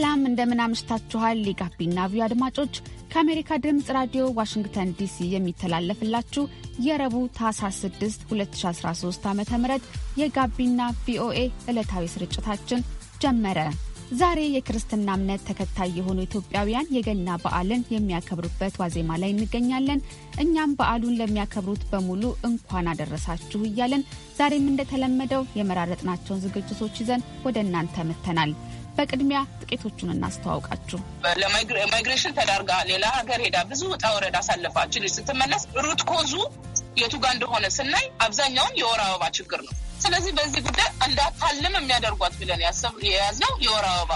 ሰላም እንደምን አምሽታችኋል። የጋቢና ቪዮ አድማጮች ከአሜሪካ ድምፅ ራዲዮ ዋሽንግተን ዲሲ የሚተላለፍላችሁ የረቡ ታህሳስ 6 2013 ዓ ም የጋቢና ቪኦኤ ዕለታዊ ስርጭታችን ጀመረ። ዛሬ የክርስትና እምነት ተከታይ የሆኑ ኢትዮጵያውያን የገና በዓልን የሚያከብሩበት ዋዜማ ላይ እንገኛለን። እኛም በዓሉን ለሚያከብሩት በሙሉ እንኳን አደረሳችሁ እያለን ዛሬም እንደተለመደው የመራረጥናቸውን ዝግጅቶች ይዘን ወደ እናንተ መጥተናል። በቅድሚያ ጥቂቶቹን እናስተዋውቃችሁ። ማይግሬሽን ተዳርጋ ሌላ ሀገር ሄዳ ብዙ ውጣ ወረድ አሳለፋች ልጅ ስትመለስ ሩት ኮዙ የቱ ጋር እንደሆነ ስናይ አብዛኛውን የወር አበባ ችግር ነው። ስለዚህ በዚህ ጉዳይ እንዳታልም የሚያደርጓት ብለን የያዝነው የወር አበባ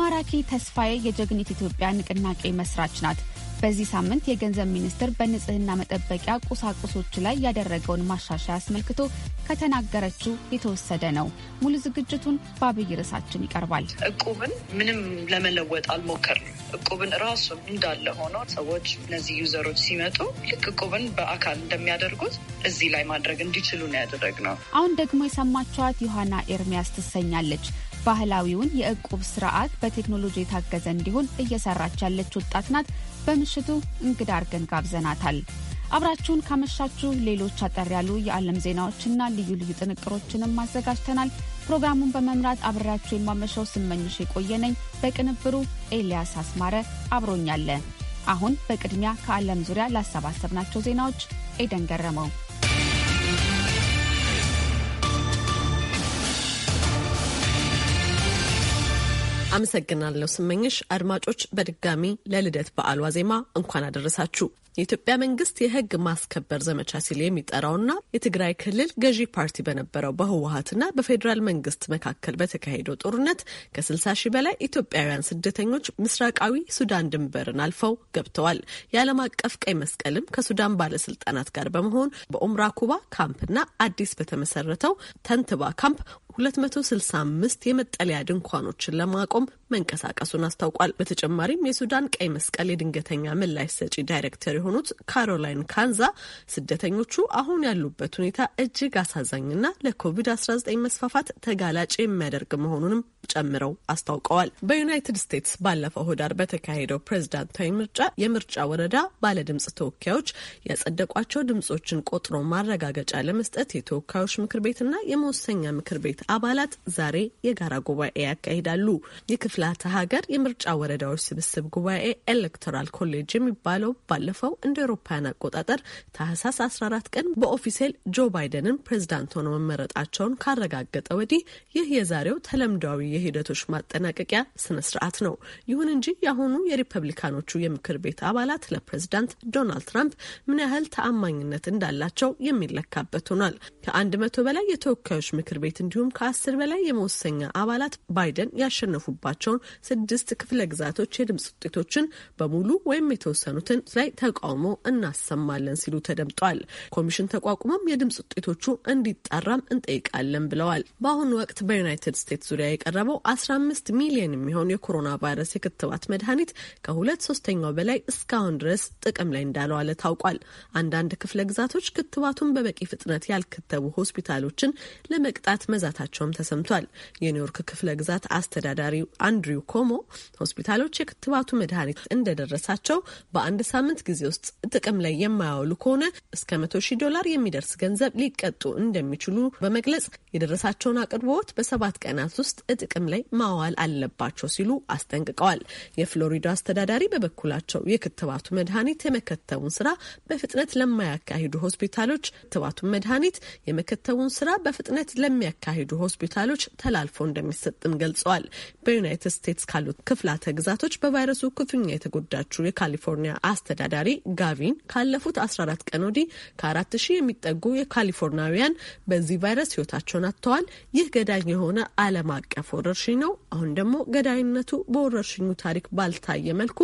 ማራኪ ተስፋዬ የጀግኒት ኢትዮጵያ ንቅናቄ መስራች ናት። በዚህ ሳምንት የገንዘብ ሚኒስቴር በንጽህና መጠበቂያ ቁሳቁሶች ላይ ያደረገውን ማሻሻያ አስመልክቶ ከተናገረችው የተወሰደ ነው። ሙሉ ዝግጅቱን በአብይ ርዕሳችን ይቀርባል። እቁብን ምንም ለመለወጥ አልሞከርም። እቁብን ራሱ እንዳለ ሆኖ ሰዎች እነዚህ ዩዘሮች ሲመጡ ልክ እቁብን በአካል እንደሚያደርጉት እዚህ ላይ ማድረግ እንዲችሉ ነው ያደረግነው። አሁን ደግሞ የሰማችኋት ዮሐና ኤርሚያስ ትሰኛለች። ባህላዊውን የእቁብ ስርዓት በቴክኖሎጂ የታገዘ እንዲሆን እየሰራች ያለች ወጣት ናት። በምሽቱ እንግዳ አርገን ጋብዘናታል። አብራችሁን ካመሻችሁ ሌሎች አጠር ያሉ የዓለም ዜናዎችና ልዩ ልዩ ጥንቅሮችንም አዘጋጅተናል። ፕሮግራሙን በመምራት አብሬያችሁ የማመሻው ስመኝሽ የቆየነኝ በቅንብሩ ኤልያስ አስማረ አብሮኛለ። አሁን በቅድሚያ ከዓለም ዙሪያ ላሰባሰብናቸው ዜናዎች ኤደን ገረመው አመሰግናለሁ ስመኝሽ። አድማጮች በድጋሚ ለልደት በዓል ዋዜማ እንኳን አደረሳችሁ። የኢትዮጵያ መንግስት የህግ ማስከበር ዘመቻ ሲል የሚጠራውና የትግራይ ክልል ገዢ ፓርቲ በነበረው በህወሀትና በፌዴራል መንግስት መካከል በተካሄደው ጦርነት ከ60 ሺህ በላይ ኢትዮጵያውያን ስደተኞች ምስራቃዊ ሱዳን ድንበርን አልፈው ገብተዋል። የዓለም አቀፍ ቀይ መስቀልም ከሱዳን ባለስልጣናት ጋር በመሆን በኡምራ ኩባ ካምፕና አዲስ በተመሰረተው ተንትባ ካምፕ 265 የመጠለያ ድንኳኖችን ለማቆም መንቀሳቀሱን አስታውቋል። በተጨማሪም የሱዳን ቀይ መስቀል የድንገተኛ ምላሽ ሰጪ ዳይሬክተር የሆኑት ካሮላይን ካንዛ ስደተኞቹ አሁን ያሉበት ሁኔታ እጅግ አሳዛኝና ለኮቪድ-19 መስፋፋት ተጋላጭ የሚያደርግ መሆኑንም ጨምረው አስታውቀዋል። በዩናይትድ ስቴትስ ባለፈው ህዳር በተካሄደው ፕሬዝዳንታዊ ምርጫ የምርጫ ወረዳ ባለድምጽ ተወካዮች ያጸደቋቸው ድምጾችን ቆጥሮ ማረጋገጫ ለመስጠት የተወካዮች ምክር ቤትና የመወሰኛ ምክር ቤት አባላት ዛሬ የጋራ ጉባኤ ያካሂዳሉ። ክፍላተ ሀገር የምርጫ ወረዳዎች ስብስብ ጉባኤ ኤሌክቶራል ኮሌጅ የሚባለው ባለፈው እንደ ኤሮፓያን አቆጣጠር ታህሳስ 14 ቀን በኦፊሴል ጆ ባይደንን ፕሬዝዳንት ሆነው መመረጣቸውን ካረጋገጠ ወዲህ ይህ የዛሬው ተለምዳዊ የሂደቶች ማጠናቀቂያ ስነ ስርዓት ነው። ይሁን እንጂ የአሁኑ የሪፐብሊካኖቹ የምክር ቤት አባላት ለፕሬዝዳንት ዶናልድ ትራምፕ ምን ያህል ተአማኝነት እንዳላቸው የሚለካበት ሆኗል። ከአንድ መቶ በላይ የተወካዮች ምክር ቤት እንዲሁም ከአስር በላይ የመወሰኛ አባላት ባይደን ያሸነፉባቸው ያሏቸውን ስድስት ክፍለ ግዛቶች የድምፅ ውጤቶችን በሙሉ ወይም የተወሰኑትን ላይ ተቃውሞ እናሰማለን ሲሉ ተደምጧል። ኮሚሽን ተቋቁሞም የድምፅ ውጤቶቹ እንዲጣራም እንጠይቃለን ብለዋል። በአሁኑ ወቅት በዩናይትድ ስቴትስ ዙሪያ የቀረበው 15 ሚሊዮን የሚሆን የኮሮና ቫይረስ የክትባት መድኃኒት ከሁለት ሶስተኛው በላይ እስካሁን ድረስ ጥቅም ላይ እንዳለዋለ ታውቋል። አንዳንድ ክፍለ ግዛቶች ክትባቱን በበቂ ፍጥነት ያልከተቡ ሆስፒታሎችን ለመቅጣት መዛታቸውም ተሰምቷል። የኒውዮርክ ክፍለ ግዛት አስተዳዳሪው አን አንድሪው ኮሞ ሆስፒታሎች የክትባቱ መድኃኒት እንደደረሳቸው በአንድ ሳምንት ጊዜ ውስጥ ጥቅም ላይ የማያውሉ ከሆነ እስከ መቶ ሺህ ዶላር የሚደርስ ገንዘብ ሊቀጡ እንደሚችሉ በመግለጽ የደረሳቸውን አቅርቦት በሰባት ቀናት ውስጥ ጥቅም ላይ ማዋል አለባቸው ሲሉ አስጠንቅቀዋል። የፍሎሪዳ አስተዳዳሪ በበኩላቸው የክትባቱ መድኃኒት የመከተቡን ስራ በፍጥነት ለማያካሂዱ ሆስፒታሎች ክትባቱን መድኃኒት የመከተቡን ስራ በፍጥነት ለሚያካሂዱ ሆስፒታሎች ተላልፎ እንደሚሰጥም ገልጸዋል። በዩናይትድ ዩናይትድ ስቴትስ ካሉት ክፍላተ ግዛቶች በቫይረሱ ክፉኛ የተጎዳችው የካሊፎርኒያ አስተዳዳሪ ጋቪን ካለፉት 14 ቀን ወዲህ ከአራት ሺህ የሚጠጉ የካሊፎርኒያውያን በዚህ ቫይረስ ህይወታቸውን አጥተዋል። ይህ ገዳኝ የሆነ ዓለም አቀፍ ወረርሽኝ ነው። አሁን ደግሞ ገዳይነቱ በወረርሽኙ ታሪክ ባልታየ መልኩ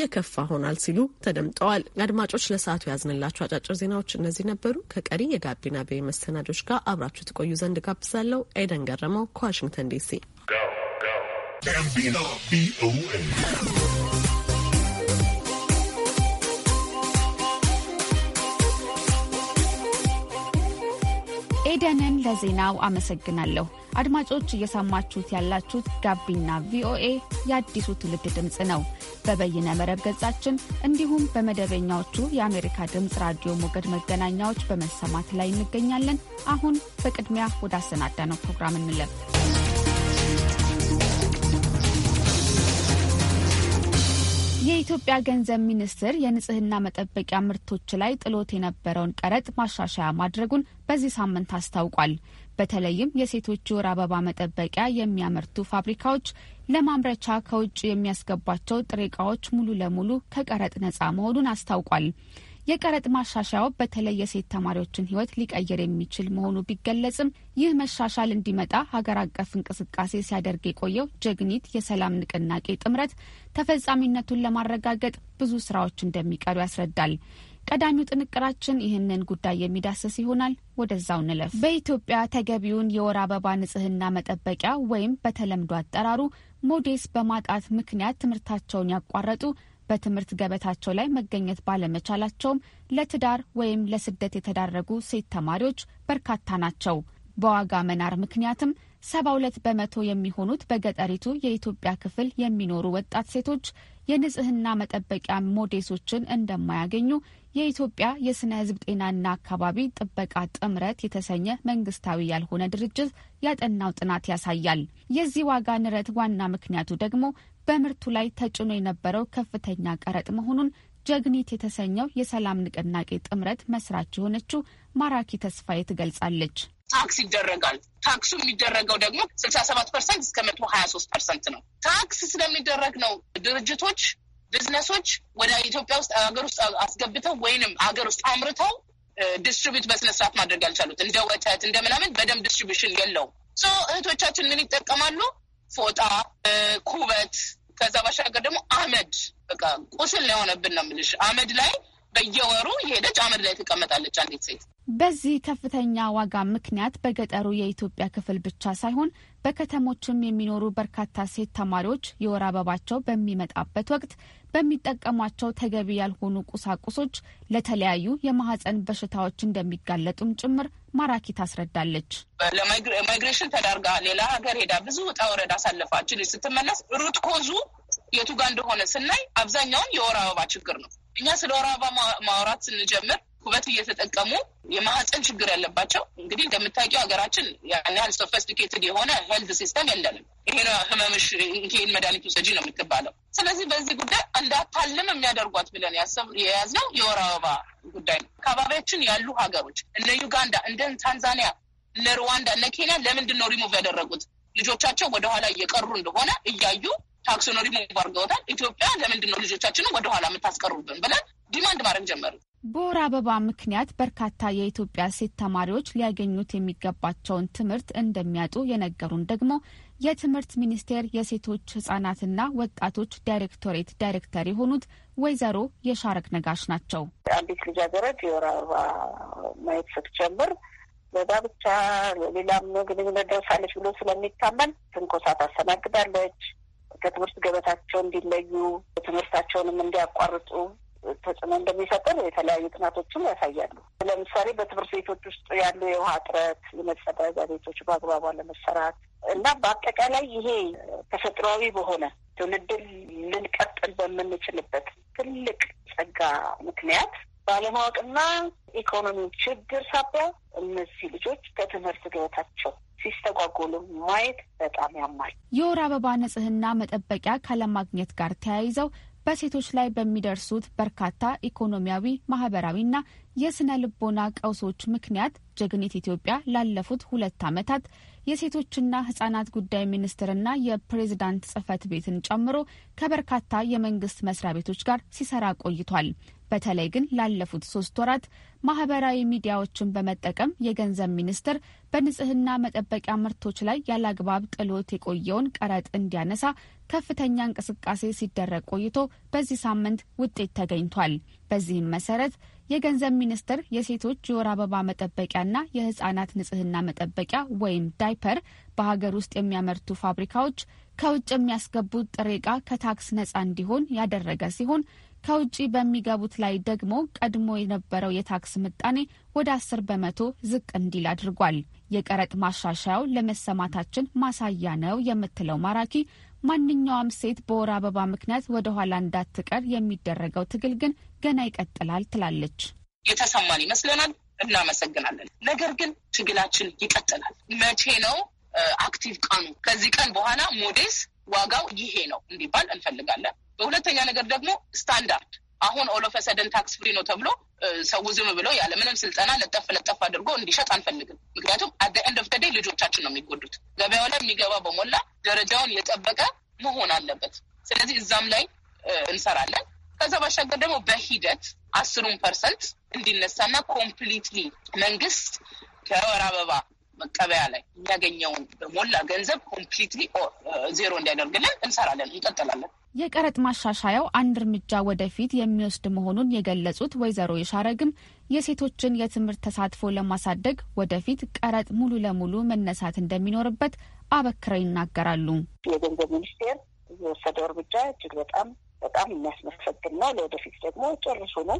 የከፋ ሆናል ሲሉ ተደምጠዋል። አድማጮች ለሰዓቱ ያዝንላቸው አጫጭር ዜናዎች እነዚህ ነበሩ። ከቀሪ የጋቢና ቤ መሰናዶች ጋር አብራችሁ ትቆዩ ዘንድ ጋብዛለሁ። ኤደን ገረመው ከዋሽንግተን ዲሲ ኤደንን ለዜናው አመሰግናለሁ። አድማጮች እየሰማችሁት ያላችሁት ጋቢና ቪኦኤ የአዲሱ ትውልድ ድምፅ ነው። በበይነ መረብ ገጻችን እንዲሁም በመደበኛዎቹ የአሜሪካ ድምፅ ራዲዮ ሞገድ መገናኛዎች በመሰማት ላይ እንገኛለን። አሁን በቅድሚያ ወደ አሰናዳነው ፕሮግራም እንለፍ። የኢትዮጵያ ገንዘብ ሚኒስቴር የንጽህና መጠበቂያ ምርቶች ላይ ጥሎት የነበረውን ቀረጥ ማሻሻያ ማድረጉን በዚህ ሳምንት አስታውቋል። በተለይም የሴቶች ወር አበባ መጠበቂያ የሚያመርቱ ፋብሪካዎች ለማምረቻ ከውጭ የሚያስገቧቸው ጥሬ እቃዎች ሙሉ ለሙሉ ከቀረጥ ነጻ መሆኑን አስታውቋል። የቀረጥ ማሻሻያው በተለይ የሴት ተማሪዎችን ሕይወት ሊቀየር የሚችል መሆኑ ቢገለጽም ይህ መሻሻል እንዲመጣ ሀገር አቀፍ እንቅስቃሴ ሲያደርግ የቆየው ጀግኒት የሰላም ንቅናቄ ጥምረት ተፈጻሚነቱን ለማረጋገጥ ብዙ ስራዎች እንደሚቀሩ ያስረዳል። ቀዳሚው ጥንቅራችን ይህንን ጉዳይ የሚዳስስ ይሆናል። ወደዛው ንለፍ። በኢትዮጵያ ተገቢውን የወር አበባ ንጽህና መጠበቂያ ወይም በተለምዶ አጠራሩ ሞዴስ በማጣት ምክንያት ትምህርታቸውን ያቋረጡ በትምህርት ገበታቸው ላይ መገኘት ባለመቻላቸውም ለትዳር ወይም ለስደት የተዳረጉ ሴት ተማሪዎች በርካታ ናቸው። በዋጋ መናር ምክንያትም ሰባ ሁለት በመቶ የሚሆኑት በገጠሪቱ የኢትዮጵያ ክፍል የሚኖሩ ወጣት ሴቶች የንጽህና መጠበቂያ ሞዴሶችን እንደማያገኙ የኢትዮጵያ የስነ ህዝብ ጤናና አካባቢ ጥበቃ ጥምረት የተሰኘ መንግስታዊ ያልሆነ ድርጅት ያጠናው ጥናት ያሳያል። የዚህ ዋጋ ንረት ዋና ምክንያቱ ደግሞ በምርቱ ላይ ተጭኖ የነበረው ከፍተኛ ቀረጥ መሆኑን ጀግኒት የተሰኘው የሰላም ንቅናቄ ጥምረት መስራች የሆነችው ማራኪ ተስፋዬ ትገልጻለች። ታክስ ይደረጋል። ታክሱ የሚደረገው ደግሞ ስልሳ ሰባት ፐርሰንት እስከ መቶ ሀያ ሶስት ፐርሰንት ነው። ታክስ ስለሚደረግ ነው ድርጅቶች፣ ቢዝነሶች ወደ ኢትዮጵያ ውስጥ ሀገር ውስጥ አስገብተው ወይንም ሀገር ውስጥ አምርተው ዲስትሪቢዩት በስነስርዓት ማድረግ ያልቻሉት እንደ ወተት እንደ ምናምን በደንብ ዲስትሪቢሽን የለውም። እህቶቻችን ምን ይጠቀማሉ? ፎጣ፣ ኩበት ከዛ ባሻገር ደግሞ አመድ በቃ ቁስል ሊሆነብን ነው የምልሽ። አመድ ላይ በየወሩ የሄደች አመድ ላይ ትቀመጣለች አንዲት ሴት። በዚህ ከፍተኛ ዋጋ ምክንያት በገጠሩ የኢትዮጵያ ክፍል ብቻ ሳይሆን በከተሞችም የሚኖሩ በርካታ ሴት ተማሪዎች የወር አበባቸው በሚመጣበት ወቅት በሚጠቀሟቸው ተገቢ ያልሆኑ ቁሳቁሶች ለተለያዩ የማህፀን በሽታዎች እንደሚጋለጡም ጭምር ማራኪ ታስረዳለች። ለማይግሬሽን ተዳርጋ ሌላ ሀገር ሄዳ ብዙ ውጣ ወረድ አሳልፋችን ስትመለስ ሩት ኮዙ የቱ ጋር እንደሆነ ስናይ አብዛኛውን የወር አበባ ችግር ነው። እኛ ስለ ወር አበባ ማውራት ስንጀምር ኩበት እየተጠቀሙ የማህፀን ችግር ያለባቸው እንግዲህ እንደምታውቂው ሀገራችን ያን ያህል ሶፈስቲኬትድ የሆነ ሄልት ሲስተም የለንም። ይሄ ህመምሽ ይሄን መድኃኒቱ ሰጂ ነው የምትባለው። ስለዚህ በዚህ ጉዳይ እንዳታልም የሚያደርጓት ብለን የያዝነው የወር አበባ ጉዳይ ነው። አካባቢያችን ያሉ ሀገሮች እነ ዩጋንዳ፣ እንደ ታንዛኒያ፣ እነ ሩዋንዳ፣ እነ ኬንያ ለምንድን ነው ሪሙቭ ያደረጉት? ልጆቻቸው ወደኋላ እየቀሩ እንደሆነ እያዩ ታክሱን ሪሙቭ አድርገውታል። ኢትዮጵያ ለምንድን ነው ልጆቻችንን ወደኋላ የምታስቀሩብን ብለን ዲማንድ ማድረግ ጀመሩ። በወር አበባ ምክንያት በርካታ የኢትዮጵያ ሴት ተማሪዎች ሊያገኙት የሚገባቸውን ትምህርት እንደሚያጡ የነገሩን ደግሞ የትምህርት ሚኒስቴር የሴቶች ህጻናትና ወጣቶች ዳይሬክቶሬት ዳይሬክተር የሆኑት ወይዘሮ የሻረግ ነጋሽ ናቸው። አንዲት ልጃገረድ የወር አበባ ማየት ስትጀምር በጋብቻ ሌላም ግንኙነት ደርሳለች ብሎ ስለሚታመን ትንኮሳ ታስተናግዳለች። ከትምህርት ገበታቸው እንዲለዩ ትምህርታቸውንም እንዲያቋርጡ ተጽዕኖ እንደሚፈጠር የተለያዩ ጥናቶችም ያሳያሉ። ለምሳሌ በትምህርት ቤቶች ውስጥ ያሉ የውሃ እጥረት፣ የመጸዳጃ ቤቶች በአግባቡ አለመሰራት እና በአጠቃላይ ይሄ ተፈጥሯዊ በሆነ ትውልድን ልንቀጥል በምንችልበት ትልቅ ጸጋ ምክንያት ባለማወቅና ኢኮኖሚ ችግር ሳቢያ እነዚህ ልጆች ከትምህርት ገበታቸው ሲስተጓጎሉ ማየት በጣም ያማል። የወር አበባ ንጽህና መጠበቂያ ካለማግኘት ጋር ተያይዘው በሴቶች ላይ በሚደርሱት በርካታ ኢኮኖሚያዊ፣ ማህበራዊና የስነ ልቦና ቀውሶች ምክንያት ጀግኒት ኢትዮጵያ ላለፉት ሁለት ዓመታት የሴቶችና ህጻናት ጉዳይ ሚኒስቴርና የፕሬዝዳንት ጽህፈት ቤትን ጨምሮ ከበርካታ የመንግስት መስሪያ ቤቶች ጋር ሲሰራ ቆይቷል። በተለይ ግን ላለፉት ሶስት ወራት ማህበራዊ ሚዲያዎችን በመጠቀም የገንዘብ ሚኒስቴር በንጽህና መጠበቂያ ምርቶች ላይ ያለአግባብ ጥሎት የቆየውን ቀረጥ እንዲያነሳ ከፍተኛ እንቅስቃሴ ሲደረግ ቆይቶ በዚህ ሳምንት ውጤት ተገኝቷል። በዚህም መሰረት የገንዘብ ሚኒስቴር የሴቶች የወር አበባ መጠበቂያና የህጻናት ንጽህና መጠበቂያ ወይም ዳይፐር በሀገር ውስጥ የሚያመርቱ ፋብሪካዎች ከውጭ የሚያስገቡት ጥሬ ዕቃ ከታክስ ነጻ እንዲሆን ያደረገ ሲሆን ከውጭ በሚገቡት ላይ ደግሞ ቀድሞ የነበረው የታክስ ምጣኔ ወደ አስር በመቶ ዝቅ እንዲል አድርጓል። የቀረጥ ማሻሻያው ለመሰማታችን ማሳያ ነው የምትለው ማራኪ ማንኛውም ሴት በወር አበባ ምክንያት ወደ ኋላ እንዳትቀር የሚደረገው ትግል ግን ገና ይቀጥላል ትላለች። የተሰማን ይመስለናል፣ እናመሰግናለን። ነገር ግን ትግላችን ይቀጥላል። መቼ ነው አክቲቭ ቀኑ ከዚህ ቀን በኋላ ሞዴስ ዋጋው ይሄ ነው እንዲባል እንፈልጋለን። በሁለተኛ ነገር ደግሞ ስታንዳርድ አሁን ኦሎፈሰደን ታክስ ፍሪ ነው ተብሎ ሰው ዝም ብሎ ያለምንም ስልጠና ለጠፍ ለጠፍ አድርጎ እንዲሸጥ አንፈልግም። ምክንያቱም አደ ኤንድ ኦፍ ተደይ ልጆቻችን ነው የሚጎዱት። ገበያው ላይ የሚገባ በሞላ ደረጃውን የጠበቀ መሆን አለበት። ስለዚህ እዛም ላይ እንሰራለን። ከዛ ባሻገር ደግሞ በሂደት አስሩን ፐርሰንት እንዲነሳና ኮምፕሊትሊ መንግስት ከወር አበባ መቀበያ ላይ የሚያገኘውን በሞላ ገንዘብ ኮምፕሊትሊ ዜሮ እንዲያደርግልን እንሰራለን፣ እንቀጥላለን። የቀረጥ ማሻሻያው አንድ እርምጃ ወደፊት የሚወስድ መሆኑን የገለጹት ወይዘሮ የሻረግም የሴቶችን የትምህርት ተሳትፎ ለማሳደግ ወደፊት ቀረጥ ሙሉ ለሙሉ መነሳት እንደሚኖርበት አበክረው ይናገራሉ። የገንዘብ ሚኒስቴር የወሰደው እርምጃ እጅግ በጣም በጣም የሚያስመሰግን ነው። ለወደፊት ደግሞ ጨርሱ ነው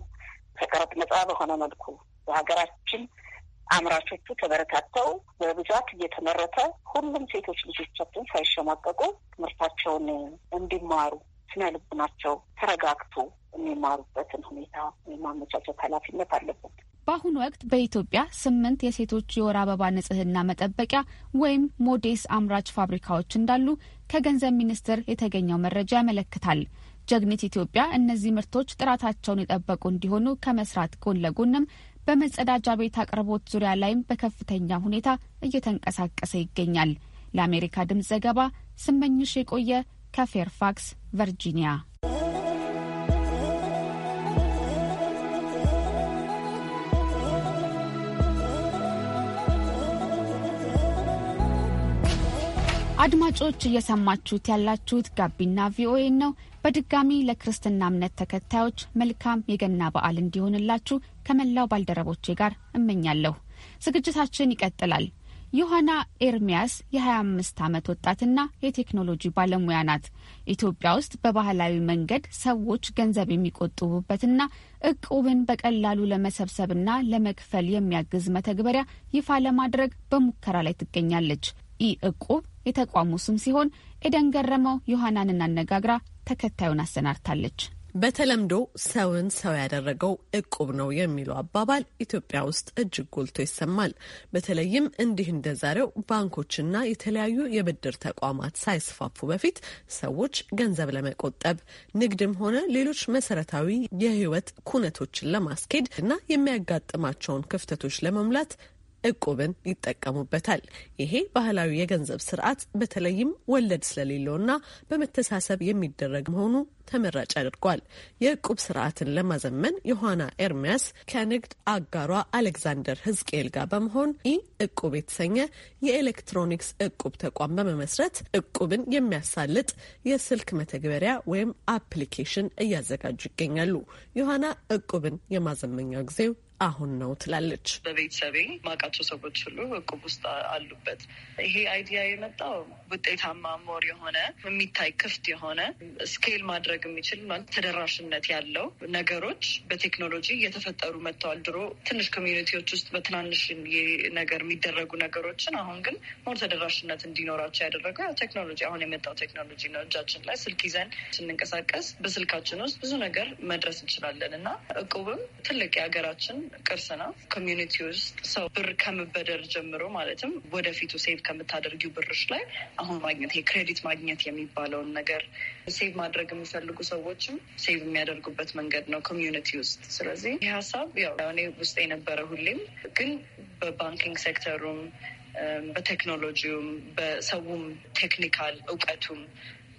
ከቀረጥ ነጻ በሆነ መልኩ በሀገራችን አምራቾቹ ተበረታተው በብዛት እየተመረተ ሁሉም ሴቶች ልጆቻችን ሳይሸማቀቁ ትምህርታቸውን እንዲማሩ ስነ ልቡናቸው ተረጋግቶ የሚማሩበትን ሁኔታ የማመቻቸት ኃላፊነት አለበት። በአሁኑ ወቅት በኢትዮጵያ ስምንት የሴቶች የወር አበባ ንጽህና መጠበቂያ ወይም ሞዴስ አምራች ፋብሪካዎች እንዳሉ ከገንዘብ ሚኒስቴር የተገኘው መረጃ ያመለክታል። ጀግኒት ኢትዮጵያ እነዚህ ምርቶች ጥራታቸውን የጠበቁ እንዲሆኑ ከመስራት ጎን ለጎንም በመጸዳጃ ቤት አቅርቦት ዙሪያ ላይም በከፍተኛ ሁኔታ እየተንቀሳቀሰ ይገኛል። ለአሜሪካ ድምፅ ዘገባ ስመኝሽ የቆየ ከፌርፋክስ ቨርጂኒያ። አድማጮች እየሰማችሁት ያላችሁት ጋቢና ቪኦኤ ነው። በድጋሚ ለክርስትና እምነት ተከታዮች መልካም የገና በዓል እንዲሆንላችሁ ከመላው ባልደረቦቼ ጋር እመኛለሁ። ዝግጅታችን ይቀጥላል። ዮሐና ኤርሚያስ የ25 ዓመት ወጣትና የቴክኖሎጂ ባለሙያ ናት። ኢትዮጵያ ውስጥ በባህላዊ መንገድ ሰዎች ገንዘብ የሚቆጥቡበትና እቁብን በቀላሉ ለመሰብሰብና ለመክፈል የሚያግዝ መተግበሪያ ይፋ ለማድረግ በሙከራ ላይ ትገኛለች። ይህ እቁብ የተቋሙ ስም ሲሆን ኤደን ገረመው ዮሐናንን አነጋግራ ተከታዩን አሰናድታለች። በተለምዶ ሰውን ሰው ያደረገው እቁብ ነው የሚለው አባባል ኢትዮጵያ ውስጥ እጅግ ጎልቶ ይሰማል። በተለይም እንዲህ እንደዛሬው ባንኮችና የተለያዩ የብድር ተቋማት ሳይስፋፉ በፊት ሰዎች ገንዘብ ለመቆጠብ ንግድም ሆነ ሌሎች መሰረታዊ የህይወት ኩነቶችን ለማስኬድ እና የሚያጋጥማቸውን ክፍተቶች ለመሙላት እቁብን ይጠቀሙበታል። ይሄ ባህላዊ የገንዘብ ስርዓት በተለይም ወለድ ስለሌለውና በመተሳሰብ የሚደረግ መሆኑ ተመራጭ አድርጓል። የእቁብ ስርዓትን ለማዘመን ዮሐና ኤርሚያስ ከንግድ አጋሯ አሌክዛንደር ህዝቅኤል ጋር በመሆን ኢ እቁብ የተሰኘ የኤሌክትሮኒክስ እቁብ ተቋም በመመስረት እቁብን የሚያሳልጥ የስልክ መተግበሪያ ወይም አፕሊኬሽን እያዘጋጁ ይገኛሉ። ዮሐና እቁብን የማዘመኛው ጊዜው አሁን ነው ትላለች። በቤተሰቤ ማውቃቸው ሰዎች ሁሉ እቁብ ውስጥ አሉበት። ይሄ አይዲያ የመጣው ውጤታማ ሞር የሆነ የሚታይ ክፍት የሆነ ስኬል ማድረግ የሚችል ተደራሽነት ያለው ነገሮች በቴክኖሎጂ እየተፈጠሩ መጥተዋል። ድሮ ትንሽ ኮሚኒቲዎች ውስጥ በትናንሽ ነገር የሚደረጉ ነገሮችን አሁን ግን ሞር ተደራሽነት እንዲኖራቸው ያደረገው ቴክኖሎጂ አሁን የመጣው ቴክኖሎጂ ነው። እጃችን ላይ ስልክ ይዘን ስንንቀሳቀስ በስልካችን ውስጥ ብዙ ነገር መድረስ እንችላለን እና እቁብም ትልቅ የሀገራችን ቅርስ ነው። ኮሚዩኒቲ ውስጥ ሰው ብር ከመበደር ጀምሮ ማለትም ወደፊቱ ሴቭ ከምታደርጊው ብርሽ ላይ አሁን ማግኘት የክሬዲት ማግኘት የሚባለውን ነገር ሴቭ ማድረግ የሚፈልጉ ሰዎችም ሴቭ የሚያደርጉበት መንገድ ነው ኮሚዩኒቲ ውስጥ። ስለዚህ ይህ ሀሳብ ያው እኔ ውስጥ የነበረ ሁሌም ግን በባንኪንግ ሴክተሩም በቴክኖሎጂውም በሰውም ቴክኒካል እውቀቱም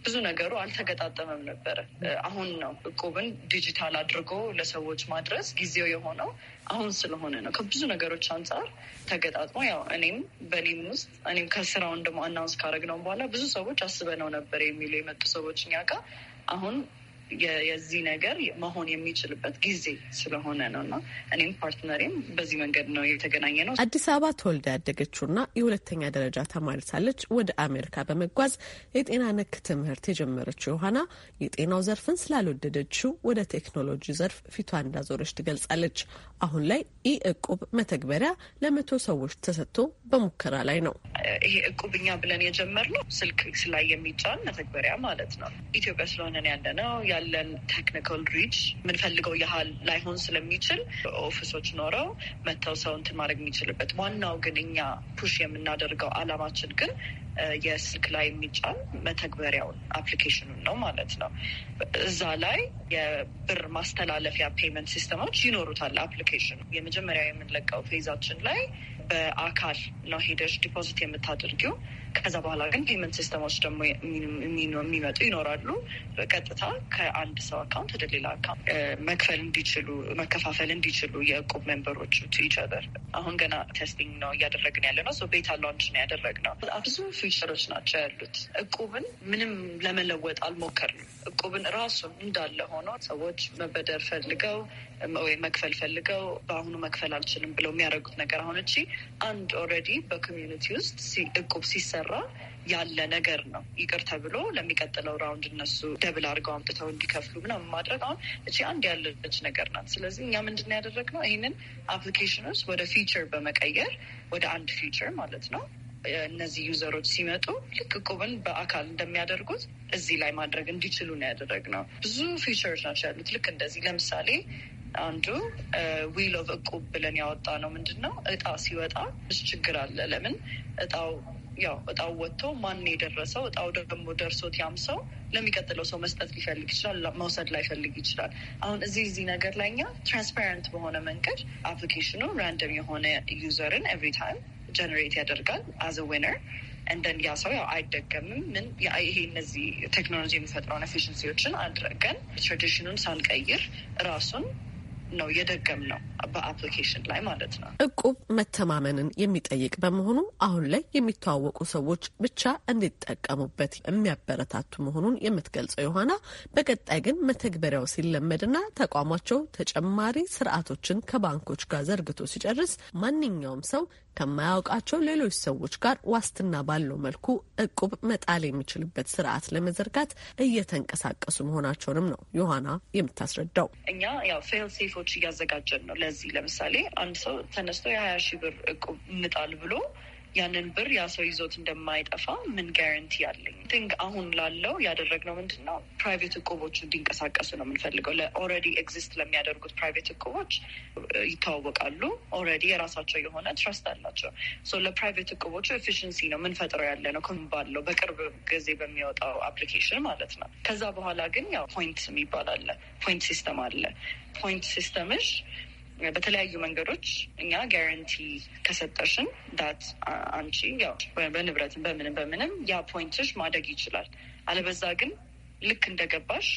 ብዙ ነገሩ አልተገጣጠመም ነበረ። አሁን ነው እቁብን ዲጂታል አድርጎ ለሰዎች ማድረስ ጊዜው የሆነው። አሁን ስለሆነ ነው ከብዙ ነገሮች አንጻር ተገጣጥሞ ያው እኔም በእኔም ውስጥ እኔም ከስራውን ደግሞ አናውንስ ካደረግነው በኋላ ብዙ ሰዎች አስበነው ነበር የሚሉ የመጡ ሰዎች እኛ ጋር አሁን የዚህ ነገር መሆን የሚችልበት ጊዜ ስለሆነ ነው እና እኔም ፓርትነሬም በዚህ መንገድ ነው የተገናኘ ነው። አዲስ አበባ ተወልዳ ያደገችውና የሁለተኛ ደረጃ ተማሪ ሳለች ወደ አሜሪካ በመጓዝ የጤና ነክ ትምህርት የጀመረችው ዮሐና የጤናው ዘርፍን ስላልወደደችው ወደ ቴክኖሎጂ ዘርፍ ፊቷ እንዳዞረች ትገልጻለች። አሁን ላይ ይህ እቁብ መተግበሪያ ለመቶ ሰዎች ተሰጥቶ በሙከራ ላይ ነው። ይሄ እቁብ እኛ ብለን የጀመርነው ስልክ ላይ የሚጫን መተግበሪያ ማለት ነው። ኢትዮጵያ ስለሆነ ያለ ነው ያለን ቴክኒካል ሪች የምንፈልገው ያህል ላይሆን ስለሚችል ኦፊሶች ኖረው መተው ሰው እንትን ማድረግ የሚችልበት ዋናው ግን እኛ ፑሽ የምናደርገው አላማችን ግን የስልክ ላይ የሚጫን መተግበሪያውን አፕሊኬሽኑን ነው ማለት ነው። እዛ ላይ የብር ማስተላለፊያ ፔመንት ሲስተሞች ይኖሩታል። አፕሊኬሽኑ የመጀመሪያ የምንለቀው ፌዛችን ላይ በአካል ነው ሄደሽ ዲፖዚት የምታደርጊው። ከዛ በኋላ ግን ፔመንት ሲስተሞች ደግሞ የሚመጡ ይኖራሉ። በቀጥታ ከአንድ ሰው አካውንት ወደ ሌላ አካውንት መክፈል እንዲችሉ መከፋፈል እንዲችሉ የእቁብ ሜምበሮቹ ቲቸበር አሁን ገና ቴስቲንግ ነው እያደረግን ያለ ነው። ቤታ ሎንች ነው ያደረግነው። ብዙ ፊቸሮች ናቸው ያሉት። እቁብን ምንም ለመለወጥ አልሞከርንም። እቁብን ራሱን እንዳለ ሆኖ ሰዎች መበደር ፈልገው ወይ መክፈል ፈልገው በአሁኑ መክፈል አልችልም ብለው የሚያደርጉት ነገር አሁን እቺ አንድ ኦልሬዲ በኮሚዩኒቲ ውስጥ እቁብ ሲሰራ ያለ ነገር ነው። ይቅር ተብሎ ለሚቀጥለው ራውንድ እነሱ ደብል አድርገው አምጥተው እንዲከፍሉ ምናምን ማድረግ አሁን እቺ አንድ ያለች ነገር ናት። ስለዚህ እኛ ምንድን ነው ያደረግነው ይህንን አፕሊኬሽን ውስጥ ወደ ፊቸር በመቀየር ወደ አንድ ፊቸር ማለት ነው እነዚህ ዩዘሮች ሲመጡ ልክ እቁብን በአካል እንደሚያደርጉት እዚህ ላይ ማድረግ እንዲችሉ ነው ያደረግነው። ብዙ ፊቸሮች ናቸው ያሉት። ልክ እንደዚህ ለምሳሌ አንዱ ዊል ኦፍ እቁብ ብለን ያወጣ ነው። ምንድን ነው እጣ ሲወጣ ችግር አለ። ለምን እጣው ያው እጣው ወጥቶ ማን የደረሰው እጣው ደግሞ ደርሶት ያም ሰው ለሚቀጥለው ሰው መስጠት ሊፈልግ ይችላል፣ መውሰድ ላይፈልግ ይችላል። አሁን እዚህ እዚህ ነገር ላይ እኛ ትራንስፓረንት በሆነ መንገድ አፕሊኬሽኑ ራንደም የሆነ ዩዘርን ኤቭሪ ታይም ጀነሬት ያደርጋል አዘ ዊነር እንደን ያ ሰው ያው አይደገምም። ምን ይሄ እነዚህ ቴክኖሎጂ የሚፈጥረውን ኤፊሽንሲዎችን አድረገን ትራዲሽኑን ሳንቀይር ራሱን ነው የደገም ነው በአፕሊኬሽን ላይ ማለት ነው። እቁብ መተማመንን የሚጠይቅ በመሆኑ አሁን ላይ የሚተዋወቁ ሰዎች ብቻ እንዲጠቀሙበት የሚያበረታቱ መሆኑን የምትገልጸው ዮሐና፣ በቀጣይ ግን መተግበሪያው ሲለመድና ተቋማቸው ተጨማሪ ስርዓቶችን ከባንኮች ጋር ዘርግቶ ሲጨርስ ማንኛውም ሰው ከማያውቃቸው ሌሎች ሰዎች ጋር ዋስትና ባለው መልኩ እቁብ መጣል የሚችልበት ስርዓት ለመዘርጋት እየተንቀሳቀሱ መሆናቸውንም ነው ዮሐና የምታስረዳው። እኛ ያው ፌል ሴፎች እያዘጋጀን ነው። ለዚህ ለምሳሌ አንድ ሰው ተነስቶ የሀያ ሺህ ብር እቁብ ምጣል ብሎ ያንን ብር ያ ሰው ይዞት እንደማይጠፋ ምን ጋረንቲ አለኝ? ቲንክ አሁን ላለው ያደረግነው ምንድን ነው ፕራይቬት እቁቦች እንዲንቀሳቀሱ ነው የምንፈልገው። ኦልሬዲ ኤግዚስት ለሚያደርጉት ፕራይቬት እቁቦች ይታወቃሉ። ኦልሬዲ የራሳቸው የሆነ ትረስት አላቸው። ሶ ለፕራይቬት እቁቦቹ ኤፊሽንሲ ነው ምንፈጥረው ያለ ነው ከም ባለው በቅርብ ጊዜ በሚወጣው አፕሊኬሽን ማለት ነው። ከዛ በኋላ ግን ያው ፖይንት የሚባል አለ። ፖይንት ሲስተም አለ። ፖይንት ሲስተምሽ በተለያዩ መንገዶች እኛ ጋራንቲ ከሰጠሽን ዳት uh, አንቺ ያው በንብረትም በምንም በምንም ያ ፖይንትሽ ማደግ ይችላል። አለበዛ ግን ልክ እንደገባሽ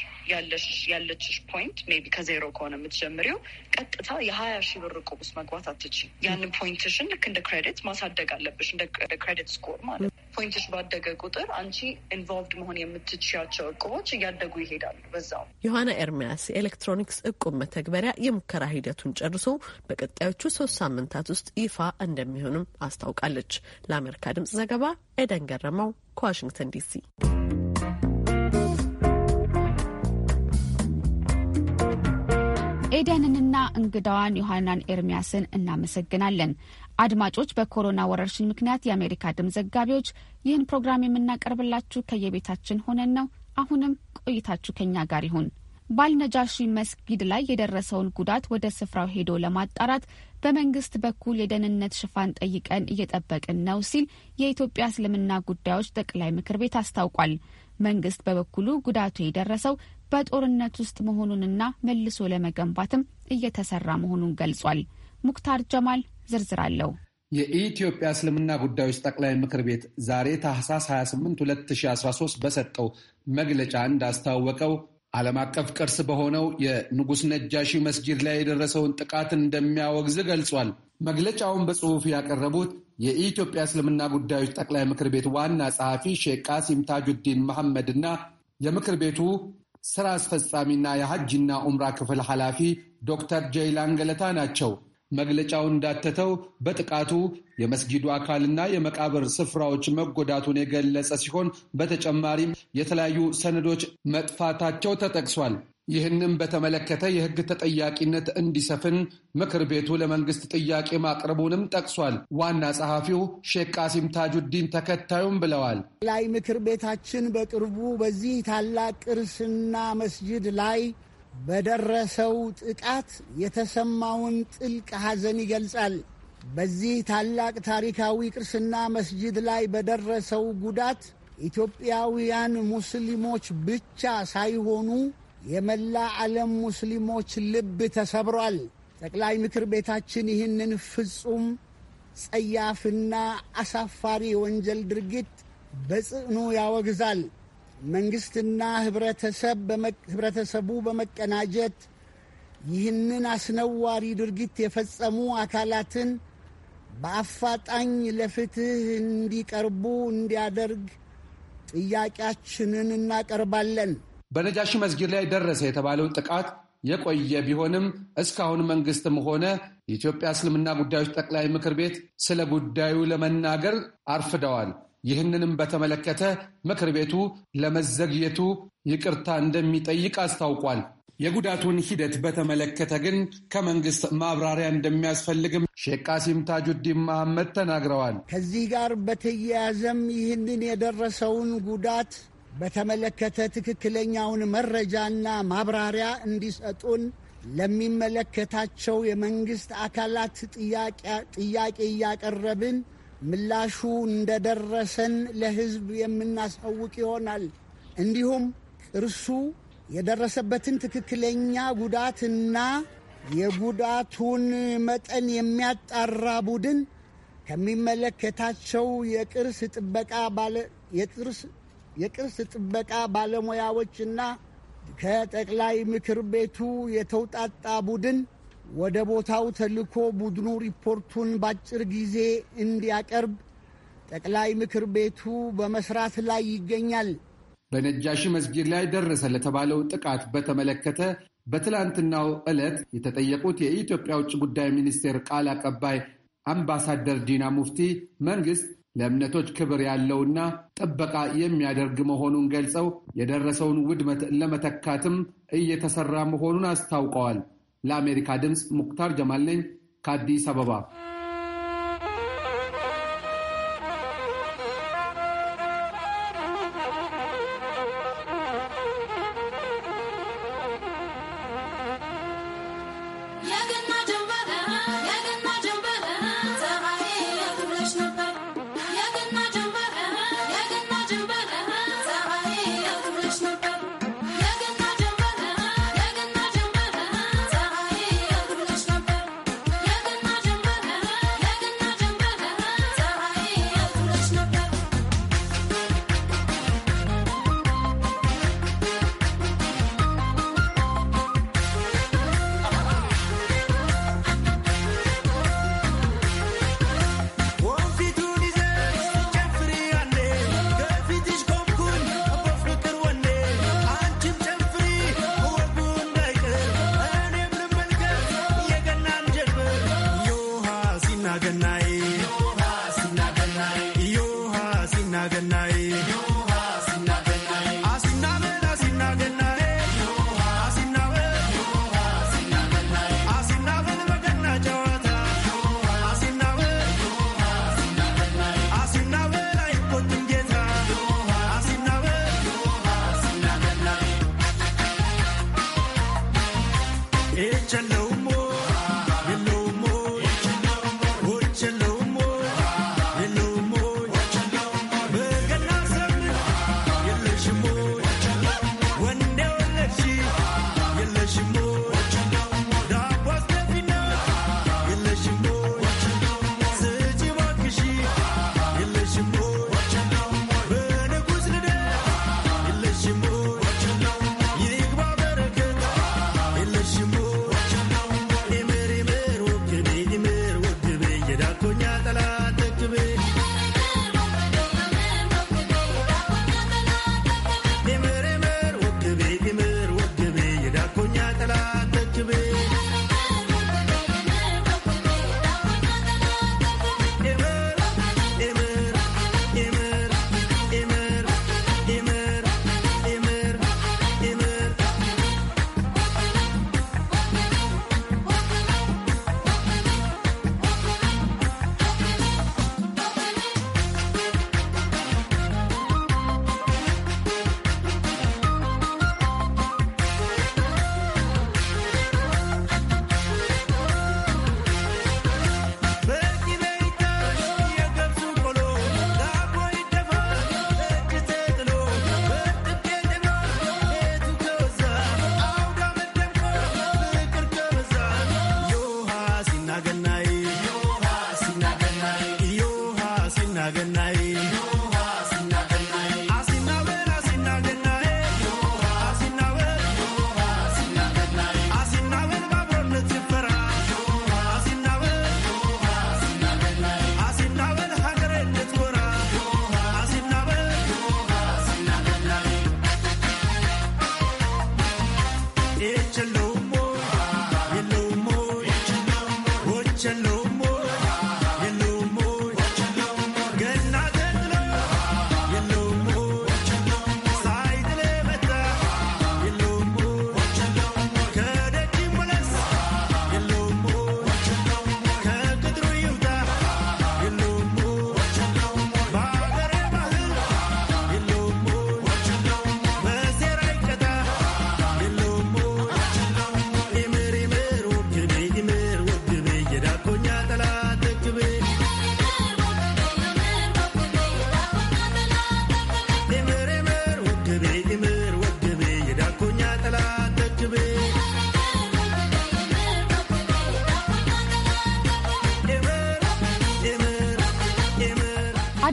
ያለችሽ ፖይንት ሜይ ቢ ከዜሮ ከሆነ የምትጀምሪው ቀጥታ የሀያ ሺህ ብር ቁብስ መግባት አትችም። ያንን ፖይንትሽን ልክ እንደ ክሬዲት ማሳደግ አለብሽ፣ እንደ ክሬዲት ስኮር ማለት ነው። ፖይንትሽ ባደገ ቁጥር አንቺ ኢንቮልቭድ መሆን የምትችያቸው እቁቦች እያደጉ ይሄዳሉ። በዛው ዮሐና ኤርሚያስ የኤሌክትሮኒክስ እቁብ መተግበሪያ የሙከራ ሂደቱን ጨርሶ በቀጣዮቹ ሶስት ሳምንታት ውስጥ ይፋ እንደሚሆንም አስታውቃለች። ለአሜሪካ ድምጽ ዘገባ ኤደን ገረመው ከዋሽንግተን ዲሲ ኤደንንና እንግዳዋን ዮሐናን ኤርሚያስን እናመሰግናለን። አድማጮች፣ በኮሮና ወረርሽኝ ምክንያት የአሜሪካ ድምፅ ዘጋቢዎች ይህን ፕሮግራም የምናቀርብላችሁ ከየቤታችን ሆነን ነው። አሁንም ቆይታችሁ ከኛ ጋር ይሁን። ባልነጃሺ መስጊድ ላይ የደረሰውን ጉዳት ወደ ስፍራው ሄዶ ለማጣራት በመንግስት በኩል የደህንነት ሽፋን ጠይቀን እየጠበቅን ነው ሲል የኢትዮጵያ እስልምና ጉዳዮች ጠቅላይ ምክር ቤት አስታውቋል። መንግስት በበኩሉ ጉዳቱ የደረሰው በጦርነት ውስጥ መሆኑንና መልሶ ለመገንባትም እየተሰራ መሆኑን ገልጿል። ሙክታር ጀማል ዝርዝር አለው። የኢትዮጵያ እስልምና ጉዳዮች ጠቅላይ ምክር ቤት ዛሬ ታህሳስ 28 2013 በሰጠው መግለጫ እንዳስታወቀው ዓለም አቀፍ ቅርስ በሆነው የንጉሥ ነጃሺ መስጊድ ላይ የደረሰውን ጥቃት እንደሚያወግዝ ገልጿል። መግለጫውን በጽሑፍ ያቀረቡት የኢትዮጵያ እስልምና ጉዳዮች ጠቅላይ ምክር ቤት ዋና ጸሐፊ ሼክ ቃሲም ታጁዲን መሐመድ እና የምክር ቤቱ ስራ አስፈጻሚና የሐጅና ኡምራ ክፍል ኃላፊ ዶክተር ጀይላን ገለታ ናቸው። መግለጫው እንዳተተው በጥቃቱ የመስጊዱ አካልና የመቃብር ስፍራዎች መጎዳቱን የገለጸ ሲሆን በተጨማሪም የተለያዩ ሰነዶች መጥፋታቸው ተጠቅሷል። ይህንም በተመለከተ የሕግ ተጠያቂነት እንዲሰፍን ምክር ቤቱ ለመንግስት ጥያቄ ማቅረቡንም ጠቅሷል። ዋና ጸሐፊው ሼክ ቃሲም ታጁዲን ተከታዩም ብለዋል። ላይ ምክር ቤታችን በቅርቡ በዚህ ታላቅ ቅርስና መስጅድ ላይ በደረሰው ጥቃት የተሰማውን ጥልቅ ሐዘን ይገልጻል። በዚህ ታላቅ ታሪካዊ ቅርስና መስጅድ ላይ በደረሰው ጉዳት ኢትዮጵያውያን ሙስሊሞች ብቻ ሳይሆኑ የመላ ዓለም ሙስሊሞች ልብ ተሰብሯል። ጠቅላይ ምክር ቤታችን ይህንን ፍጹም ጸያፍና አሳፋሪ የወንጀል ድርጊት በጽዕኑ ያወግዛል። መንግሥትና ህብረተሰቡ በመቀናጀት ይህንን አስነዋሪ ድርጊት የፈጸሙ አካላትን በአፋጣኝ ለፍትህ እንዲቀርቡ እንዲያደርግ ጥያቄያችንን እናቀርባለን። በነጃሺ መስጊድ ላይ ደረሰ የተባለውን ጥቃት የቆየ ቢሆንም እስካሁን መንግስትም ሆነ የኢትዮጵያ እስልምና ጉዳዮች ጠቅላይ ምክር ቤት ስለ ጉዳዩ ለመናገር አርፍደዋል። ይህንንም በተመለከተ ምክር ቤቱ ለመዘግየቱ ይቅርታ እንደሚጠይቅ አስታውቋል። የጉዳቱን ሂደት በተመለከተ ግን ከመንግስት ማብራሪያ እንደሚያስፈልግም ሼክ ቃሲም ታጁዲን መሐመድ ተናግረዋል። ከዚህ ጋር በተያያዘም ይህንን የደረሰውን ጉዳት በተመለከተ ትክክለኛውን መረጃና ማብራሪያ እንዲሰጡን ለሚመለከታቸው የመንግሥት አካላት ጥያቄ እያቀረብን ምላሹ እንደደረሰን ለሕዝብ የምናሳውቅ ይሆናል። እንዲሁም እርሱ የደረሰበትን ትክክለኛ ጉዳትና የጉዳቱን መጠን የሚያጣራ ቡድን ከሚመለከታቸው የቅርስ ጥበቃ ባለ የቅርስ የቅርስ ጥበቃ ባለሙያዎችና ከጠቅላይ ምክር ቤቱ የተውጣጣ ቡድን ወደ ቦታው ተልኮ ቡድኑ ሪፖርቱን በአጭር ጊዜ እንዲያቀርብ ጠቅላይ ምክር ቤቱ በመስራት ላይ ይገኛል። በነጃሺ መስጊድ ላይ ደረሰ ለተባለው ጥቃት በተመለከተ በትላንትናው ዕለት የተጠየቁት የኢትዮጵያ ውጭ ጉዳይ ሚኒስቴር ቃል አቀባይ አምባሳደር ዲና ሙፍቲ መንግስት ለእምነቶች ክብር ያለውና ጥበቃ የሚያደርግ መሆኑን ገልጸው የደረሰውን ውድመት ለመተካትም እየተሰራ መሆኑን አስታውቀዋል። ለአሜሪካ ድምፅ ሙክታር ጀማል ነኝ ከአዲስ አበባ።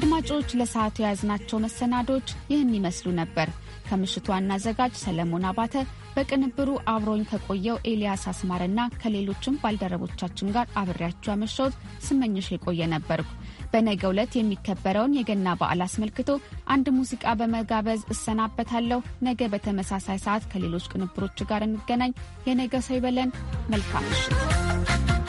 አድማጮች ለሰዓቱ የያዝናቸው መሰናዶች ይህን ይመስሉ ነበር። ከምሽቱ ዋና አዘጋጅ ሰለሞን አባተ፣ በቅንብሩ አብሮኝ ከቆየው ኤልያስ አስማርና ከሌሎችም ባልደረቦቻችን ጋር አብሬያችሁ ያመሸሁት ስመኝሽ የቆየ ነበርኩ። በነገ ዕለት የሚከበረውን የገና በዓል አስመልክቶ አንድ ሙዚቃ በመጋበዝ እሰናበታለሁ። ነገ በተመሳሳይ ሰዓት ከሌሎች ቅንብሮች ጋር እንገናኝ። የነገ ሰው ይበለን። መልካም ምሽት።